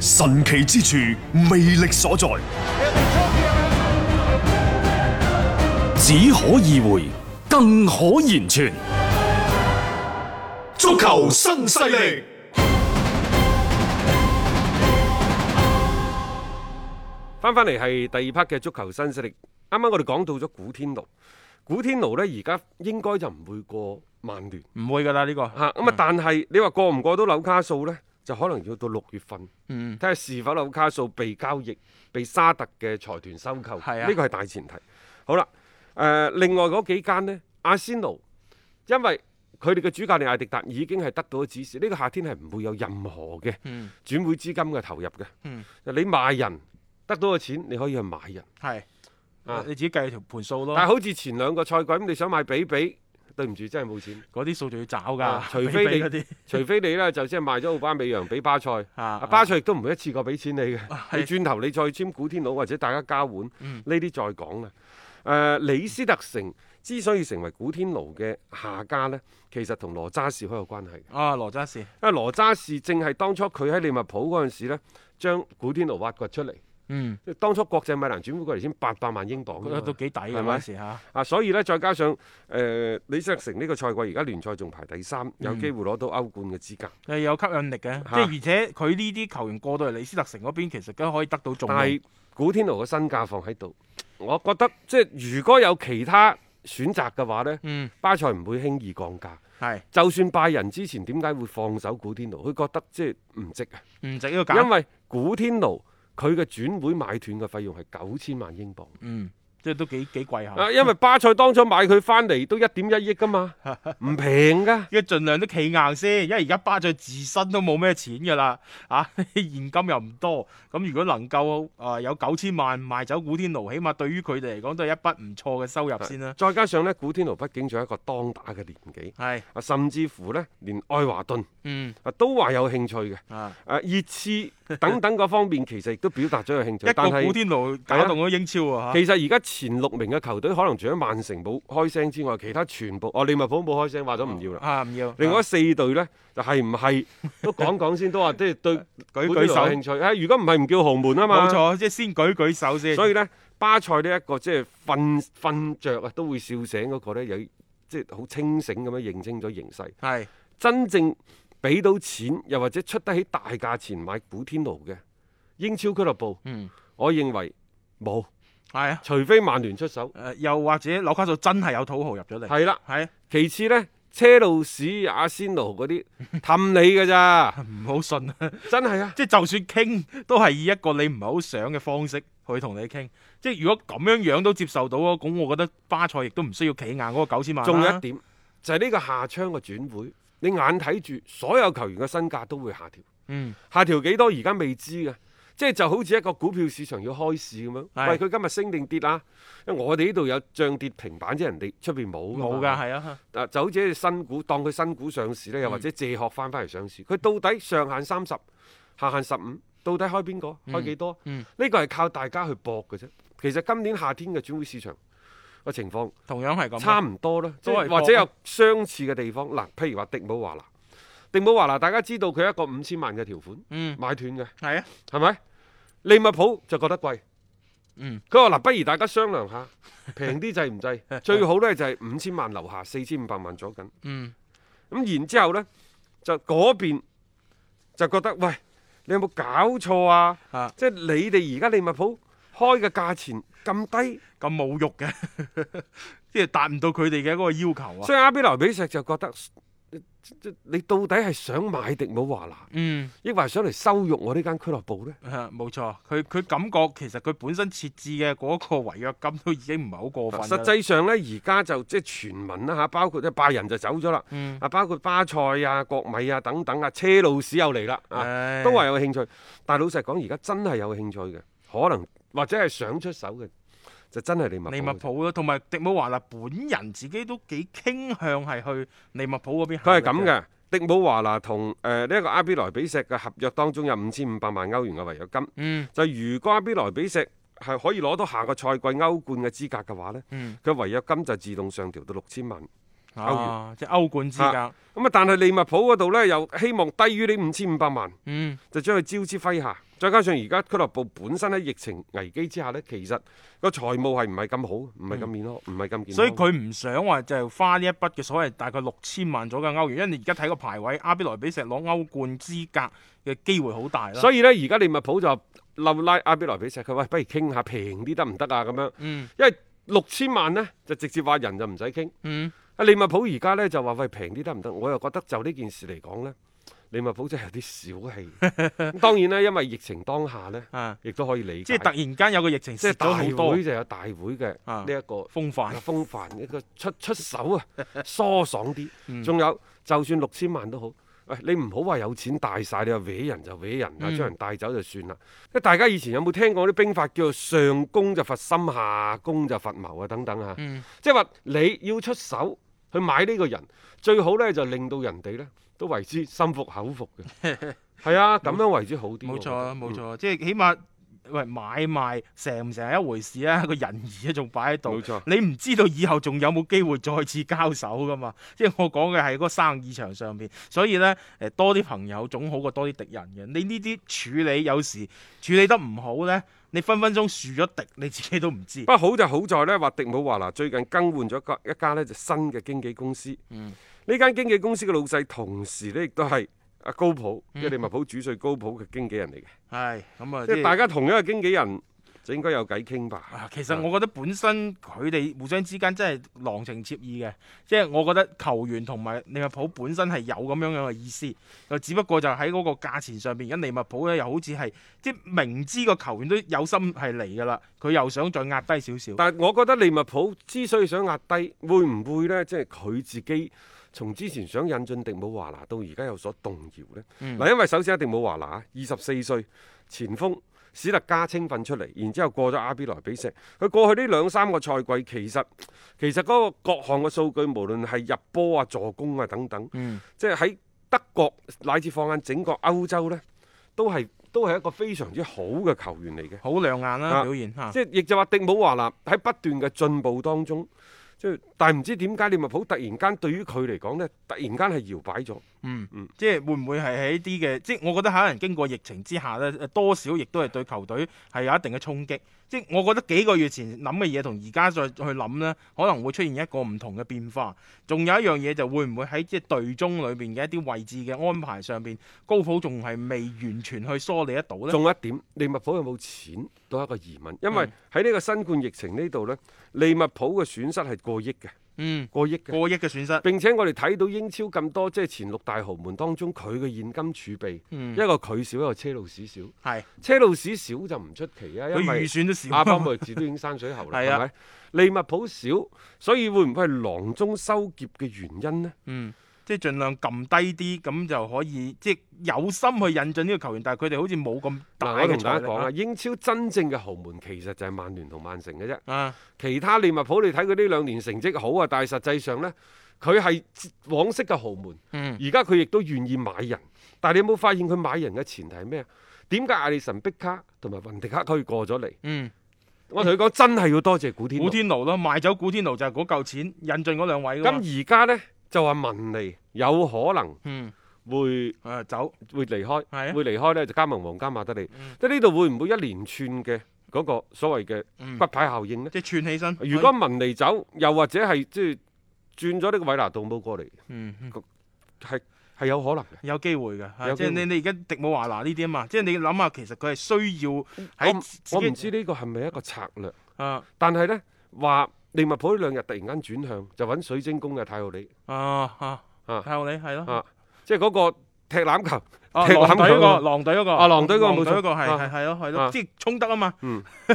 神奇之處，魅力所在，只可意會，更可言傳。足球新勢力，力，翻翻嚟係第二 part 嘅足球新勢力。啱啱我哋講到咗古天奴，古天奴呢而家應該就唔會過曼聯，唔會噶啦呢個吓。咁啊、嗯，但係你話過唔過到紐卡素呢？就可能要到六月份，睇下、嗯、是否紐卡素被交易、被沙特嘅財團收購。呢、啊、個係大前提。好啦，誒、呃，另外嗰幾間咧，阿仙奴，因為佢哋嘅主教練艾迪達已經係得到指示，呢、這個夏天係唔會有任何嘅轉會資金嘅投入嘅。嗯、你賣人得到嘅錢，你可以去買人。係是，啊，你自己計條盤數咯。但係好似前兩個賽季，咁你想買比比？對唔住，真係冇錢嗰啲數就要找㗎，啊、給 除非你除非你呢， 就即係賣咗奧巴美揚俾巴塞、啊啊、巴塞亦都唔會一次過俾錢你嘅。啊、你轉頭你再簽古天奴或者大家交換呢啲、嗯、再講啦、啊。李斯特城、嗯、之所以成為古天奴嘅下家呢，其實同羅渣士好有關係啊。羅渣士，因為羅渣士正係當初佢喺利物浦嗰陣時咧，將古天奴挖掘出嚟。嗯，當初國際米蘭轉會過嚟先八百萬英鎊啊，都幾抵嘅，係咪吧啊，所以咧，再加上誒、呃、李斯特城呢個賽季而家聯賽仲排第三，嗯、有機會攞到歐冠嘅資格，係、嗯、有吸引力嘅。啊、即係而且佢呢啲球員過到嚟李斯特城嗰邊，其實都可以得到重用。但係古天奴嘅身價放喺度，我覺得即係如果有其他選擇嘅話呢，嗯、巴塞唔會輕易降價。係是，就算拜仁之前點解會放手古天奴，佢覺得即係唔值啊，唔值呢個價。因為古天奴。佢嘅轉會買，買斷嘅費用係九千萬英鎊。嗯即係都幾幾貴下啊！因為巴塞當初買佢翻嚟都一點一億㗎嘛，唔 平㗎。要儘量都企硬先，因為而家巴塞自身都冇咩錢㗎啦，嚇、啊、現金又唔多。咁如果能夠啊有九千萬賣走古天奴，起碼對於佢哋嚟講都係一筆唔錯嘅收入先啦、啊。再加上咧，古天奴畢竟仲係一個當打嘅年紀，係是啊，甚至乎咧連愛華頓嗯啊都話有興趣嘅啊，誒、啊、熱刺 等等嗰方面其實亦都表達咗有興趣，但係是一個古天奴打動咗英超啊，啊其實而家。前六名嘅球隊可能除咗曼城冇開聲之外，其他全部。哦，利物浦冇開聲，話咗唔要啦。啊，唔要。另外四隊呢，就係唔係都講講先， 都話即係對舉，舉舉手有興趣。哎，如果唔係唔叫豪門啊嘛。冇錯，即係先舉舉手先。所以呢，巴塞呢、這、一個即係瞓瞓着啊，都會笑醒嗰個呢，有即係好清醒咁樣認清咗形勢。係是真正俾到錢，又或者出得起大價錢買古天奴嘅英超俱樂部，嗯、我認為冇。係啊，除非曼聯出手，誒、呃、又或者紐卡素真係有土豪入咗嚟。係啦，係啊。啊，其次呢，車路士、阿仙奴嗰啲氹你㗎咋，唔好 信 啊！真係啊，即係就算傾，都係以一個你唔係好想嘅方式去同你傾。即係如果咁樣樣都接受到啊，咁我覺得巴塞亦都唔需要企硬嗰九千萬仲、啊、有一點就係、是、呢個下窗嘅轉會，你眼睇住所有球員嘅身價都會下調。嗯，下調幾多而家未知嘅。即係就好似一個股票市場要開市咁樣，的喂佢今日升定跌啊？因為我哋呢度有漲跌停板即係，人哋出邊冇冇㗎係啊？的啊，就好似新股，當佢新股上市咧，又或者借殼翻翻嚟上市，佢、嗯、到底上限三十，下限十五，到底開邊個，開幾多？呢、嗯嗯、個係靠大家去搏嘅啫。其實今年夏天嘅轉會市場嘅情況，同樣係咁，差唔多啦，即係或者有相似嘅地方嗱，譬如話迪莫華拿。你冇話嗱，大家知道佢一個五千萬嘅條款，買斷嘅，係啊，係咪？利物浦就覺得貴，嗯，佢話嗱，不如大家商量下，平啲制唔制？最好咧就係五千萬樓下，四千五百萬左右，嗯，咁然之後咧就嗰邊就覺得喂，你有冇搞錯啊？即係你哋而家利物浦開嘅價錢咁低咁侮辱嘅，即係達唔到佢哋嘅嗰個要求啊！所以阿比萊比錫就覺得。即你到底係想買迪姆華拿，抑或，嗯、想嚟羞辱我呢間俱樂部呢？冇錯，佢佢感覺其實佢本身設置嘅嗰個違約金都已經唔係好過分啦。實際上呢，而家就即全民啦吓，包括即拜仁就走咗啦，啊，嗯，包括巴塞啊、國米啊等等啊，車路士又嚟啦，哎，都話有興趣。但係老實講，而家真係有興趣嘅，可能或者係想出手嘅。就真係利物浦同埋迪姆華納本人自己都幾傾向係去利物浦嗰邊。佢係咁嘅，迪姆華拿同誒呢一個阿比萊比錫嘅合約當中，有五千五百萬歐元嘅違約金。嗯，就如果阿比萊比錫係可以攞到下個賽季歐冠嘅資格嘅話呢，佢，嗯，違約金就自動上調到六千萬。歐啊！即係歐冠資格咁啊，但係利物浦嗰度咧又希望低於呢五千五百萬，嗯，就將佢招之麾下。再加上而家俱樂部本身喺疫情危機之下咧，其實個財務係唔係咁好，唔係咁面咯，唔係咁健康。所以佢唔想話就花呢一筆嘅所謂大概六千萬左右嘅歐元，因為你而家睇個排位，阿比萊比錫攞歐冠資格嘅機會好大啦。所以咧，而家利物浦就拉，拉阿比萊比錫，佢喂、哎、不如傾下平啲得唔得啊？咁樣，嗯、因為六千萬咧就直接話人就唔使傾，嗯。嗯嗯啊，利物浦而家咧就話喂平啲得唔得？我又覺得就呢件事嚟講咧，利物浦真係有啲小氣。咁當然咧，因為疫情當下咧，亦都可以理解。即係突然間有個疫情，即係大會。就有大會嘅呢一個風範，風範一個出出手啊，疏爽啲。仲有，就算六千萬都好，喂，你唔好話有錢大晒，你話搣人就搣人啊，將人帶走就算啦。啊，大家以前有冇聽過啲兵法叫做上攻就伐心，下攻就伐謀啊等等啊？即係話你要出手。去買呢個人最好咧，就令到人哋咧都為之心服口服嘅。係 啊，咁樣為之好啲。冇錯，冇錯，即係起碼喂買賣成唔成係一回事啊，個仁義啊，仲擺喺度。冇錯。你唔知道以後仲有冇機會再次交手噶嘛？即係我講嘅係嗰生意場上邊，所以咧誒多啲朋友總好過多啲敵人嘅。你呢啲處理有時處理得唔好咧？你分分鐘樹咗敵，你自己都唔知。不過好就好在呢，話迪姆華拿，最近更換咗個一家呢就新嘅經紀公司。嗯，呢間經紀公司嘅老細同時呢，亦都係阿高普，即係、嗯、利物浦主帥高普嘅經紀人嚟嘅。係咁啊，就是、即係大家同一個經紀人。就應該有偈傾吧、啊。其實我覺得本身佢哋互相之間真係郎情妾意嘅，即係我覺得球員同埋利物浦本身係有咁樣樣嘅意思，就只不過就喺嗰個價錢上邊，而家利物浦咧又好似係即明知個球員都有心係嚟㗎啦，佢又想再壓低少少。但係我覺得利物浦之所以想壓低，會唔會呢？即係佢自己從之前想引進迪姆華拿到而家有所動搖呢？嗱、嗯，因為首先迪姆華拿二十四歲前鋒。史特加青訓出嚟，然之後過咗阿比萊比錫。佢過去呢兩三個賽季，其實其實嗰個各項嘅數據，無論係入波啊、助攻啊等等，嗯、即係喺德國乃至放眼整個歐洲呢，都係都係一個非常之好嘅球員嚟嘅。好亮眼啦、啊、表現嚇，即係亦就話迪姆華納喺不斷嘅進步當中。即係，但係唔知點解利物浦突然間對於佢嚟講呢，突然間係搖擺咗。嗯嗯，嗯即係會唔會係喺啲嘅？即係我覺得可能經過疫情之下呢，多少亦都係對球隊係有一定嘅衝擊。即係我覺得幾個月前諗嘅嘢同而家再去諗呢，可能會出現一個唔同嘅變化。仲有一樣嘢就會唔會喺即係隊中裏面嘅一啲位置嘅安排上邊，高普仲係未完全去梳理得到呢？仲有一點，利物浦有冇錢都係一個疑問，因為喺呢個新冠疫情呢度呢，利物浦嘅損失係。過億嘅，嗯，過億嘅，過億嘅損失，並且我哋睇到英超咁多，即係前六大豪門當中，佢嘅現金儲備，嗯、一個佢少，一個車路士少，係是車路士少就唔出奇啊，佢預算都少， 阿巴梅治都已經山水喉啦，係咪、啊？利物浦少，所以會唔會係囊中羞澀嘅原因呢？嗯。即係盡量撳低啲，咁就可以即係有心去引進呢個球員，但係佢哋好似冇咁大嘅財力。我同大家講啊，嗯，英超真正嘅豪門其實就係曼聯同曼城嘅啫。嗯，其他利物浦，你睇佢呢兩年成績好啊，但係實際上呢，佢係往昔嘅豪門。而家佢亦都願意買人，但係你有冇發現佢買人嘅前提係咩啊？點解阿里神、碧卡同埋雲迪克可以過咗嚟？嗯，嗯，我同佢講，真係要多謝古天，古天奴咯，賣走古天奴就係嗰嚿錢引進嗰兩位。咁而家呢？就話文尼有可能會誒走，嗯、會離開，啊、會離開咧就加盟皇家馬德、嗯、里。即係呢度會唔會一連串嘅嗰個所謂嘅骨牌效應咧、嗯？即係串起身。如果文尼走，嗯、又或者係即係轉咗呢個韋拿杜姆過嚟，係係、嗯嗯、有可能嘅，有機會嘅。會即係你你而家迪姆華拿呢啲啊嘛，即、就、係、是、你諗下，其實佢係需要喺我我唔知呢個係咪一個策略啊？但係咧話。利物浦呢兩日突然間轉向，就揾水晶宮嘅泰奧里、啊。啊啊啊！泰奧里係咯，即係嗰個踢欖球，踢欖球、啊、狼隊嗰個，啊狼隊嗰個冇錯係係係咯係咯，即係衝得啊嘛，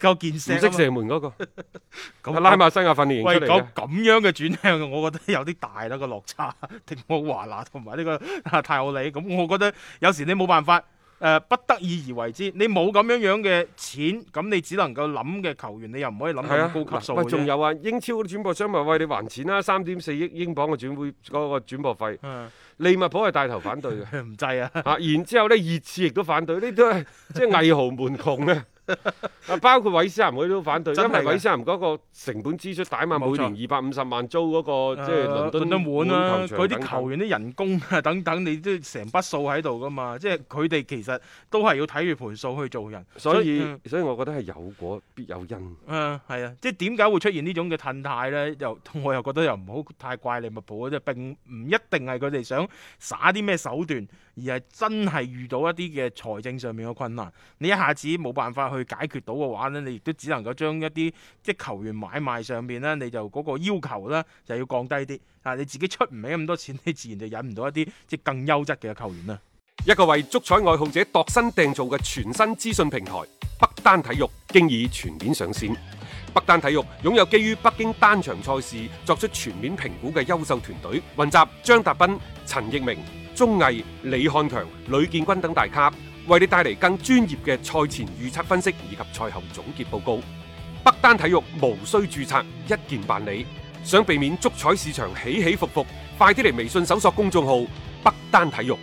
夠見識，唔識射門嗰、那個，喺拉馬西亞訓練出嚟，喂，咁樣嘅轉向，我覺得有啲大啦、這個落差，迪奧華納同埋呢個啊泰奧里，咁、嗯、我覺得有時你冇辦法。誒、呃、不得已而為之，你冇咁樣樣嘅錢，咁你只能夠諗嘅球員，你又唔可以諗咁高級數嘅。仲有啊，英超啲轉播商咪喂你還錢啦，三點四億英鎊嘅轉會嗰、嗰個轉播費。啊、利物浦係帶頭反對嘅，唔制 啊。嚇、啊，然之後咧，熱刺亦都反對，呢都係即係偽豪門窮咧。 啊， 包括韋斯咸佢都反對，的的因為韋斯咸嗰個成本支出大嘛，錯每年二百五十萬租嗰、那個即係倫敦都足、啊、球場等等，佢啲球員啲人工啊等等，你都成筆數喺度噶嘛，即係佢哋其實都係要睇住盤數去做人。所以，嗯、所以我覺得係有果必有因。啊、呃，係啊，即係點解會出現種態呢種嘅褪態咧？又我又覺得又唔好太怪利物浦，即係並唔一定係佢哋想耍啲咩手段，而係真係遇到一啲嘅財政上面嘅困難，你一下子冇辦法去解決到嘅話，呢你亦都只能夠將一啲即係球員買賣上面呢，你就嗰個要求呢，就要降低啲。啊，你自己出唔起咁多錢，你自然就引唔到一啲即係更優質嘅球員啦。一個為足彩愛好者度身訂造嘅全新資訊平台北單體育，經已全面上線。北單體育擁有基於北京單場賽事作出全面評估嘅優秀團隊，雲集張達斌、陳亦明、綜藝、李漢強、呂建軍等大咖為你帶嚟更專業嘅賽前預測分析以及賽後總結報告。北單體育無需注冊，一鍵辦理。想避免足彩市場起起伏伏，快啲嚟微信搜索公眾號北單體育。